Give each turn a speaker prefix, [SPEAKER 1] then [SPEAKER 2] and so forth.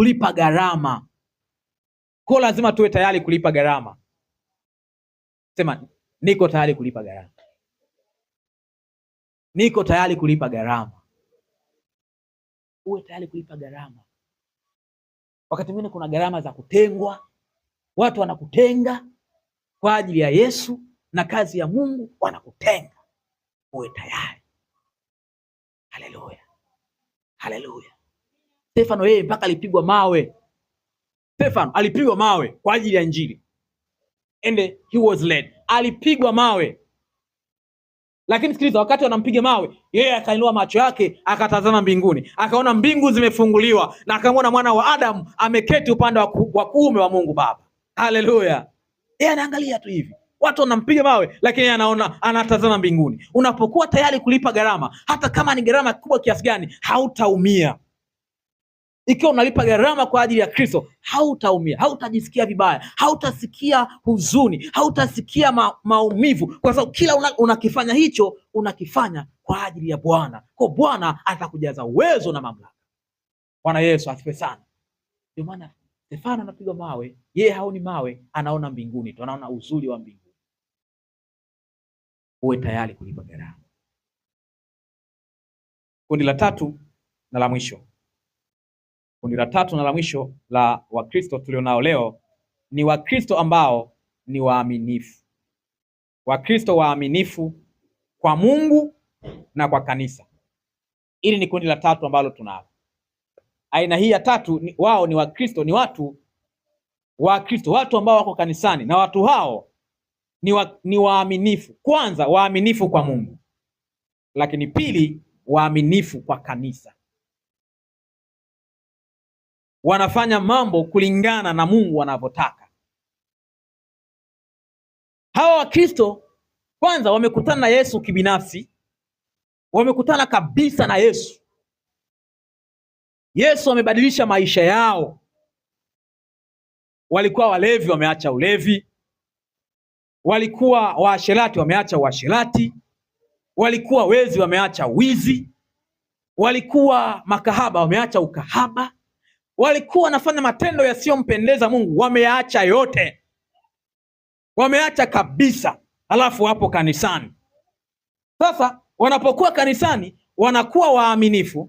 [SPEAKER 1] kulipa gharama. Kwa lazima tuwe tayari kulipa gharama. Sema niko tayari kulipa gharama, niko tayari kulipa gharama. Uwe tayari kulipa gharama. Wakati mwingine kuna gharama za kutengwa, watu wanakutenga kwa ajili ya Yesu na kazi ya Mungu, wanakutenga. Uwe tayari. Haleluya, haleluya. Stefano yeye mpaka alipigwa mawe. Stefano alipigwa mawe kwa ajili ya Injili. And he was led. Alipigwa mawe. Lakini sikiliza, wakati wanampiga mawe, yeye akainua macho yake akatazama mbinguni, akaona mbingu zimefunguliwa na akamwona mwana wa Adamu ameketi upande wa kuume wa Mungu Baba. Haleluya! Yeye anaangalia tu hivi, watu wanampiga mawe, lakini yeye anaona, anatazama mbinguni. Unapokuwa tayari kulipa gharama, hata kama ni gharama kubwa kiasi gani, hautaumia ikiwa unalipa gharama kwa ajili ya Kristo, hautaumia, hautajisikia vibaya, hautasikia huzuni, hautasikia ma, maumivu, kwa sababu kila una, unakifanya hicho unakifanya kwa ajili ya Bwana. Kwa Bwana atakujaza uwezo na mamlaka. Bwana Yesu asifiwe sana. Ndio maana Stefano anapigwa mawe, yeye haoni mawe, anaona mbinguni tu, anaona uzuri wa mbinguni. Uwe tayari kulipa gharama. Kundi la tatu na la mwisho Kundi la tatu na la mwisho la Wakristo tulionao leo ni Wakristo ambao ni waaminifu, Wakristo waaminifu kwa Mungu na kwa kanisa. Hili ni kundi la tatu ambalo tunalo. Aina hii ya tatu ni, wao ni Wakristo, ni watu Wakristo, watu ambao wako kanisani na watu hao ni, wa, ni waaminifu. Kwanza waaminifu kwa Mungu, lakini pili waaminifu kwa kanisa wanafanya mambo kulingana na Mungu wanavyotaka. Hawa Wakristo kwanza wamekutana na Yesu kibinafsi, wamekutana kabisa na Yesu. Yesu amebadilisha maisha yao. Walikuwa walevi, wameacha ulevi. Walikuwa waasherati, wameacha uasherati. Walikuwa wezi, wameacha wizi. Walikuwa makahaba, wameacha ukahaba walikuwa wanafanya matendo yasiyompendeza Mungu, wameacha yote, wameacha kabisa, alafu wapo kanisani. Sasa wanapokuwa kanisani wanakuwa waaminifu,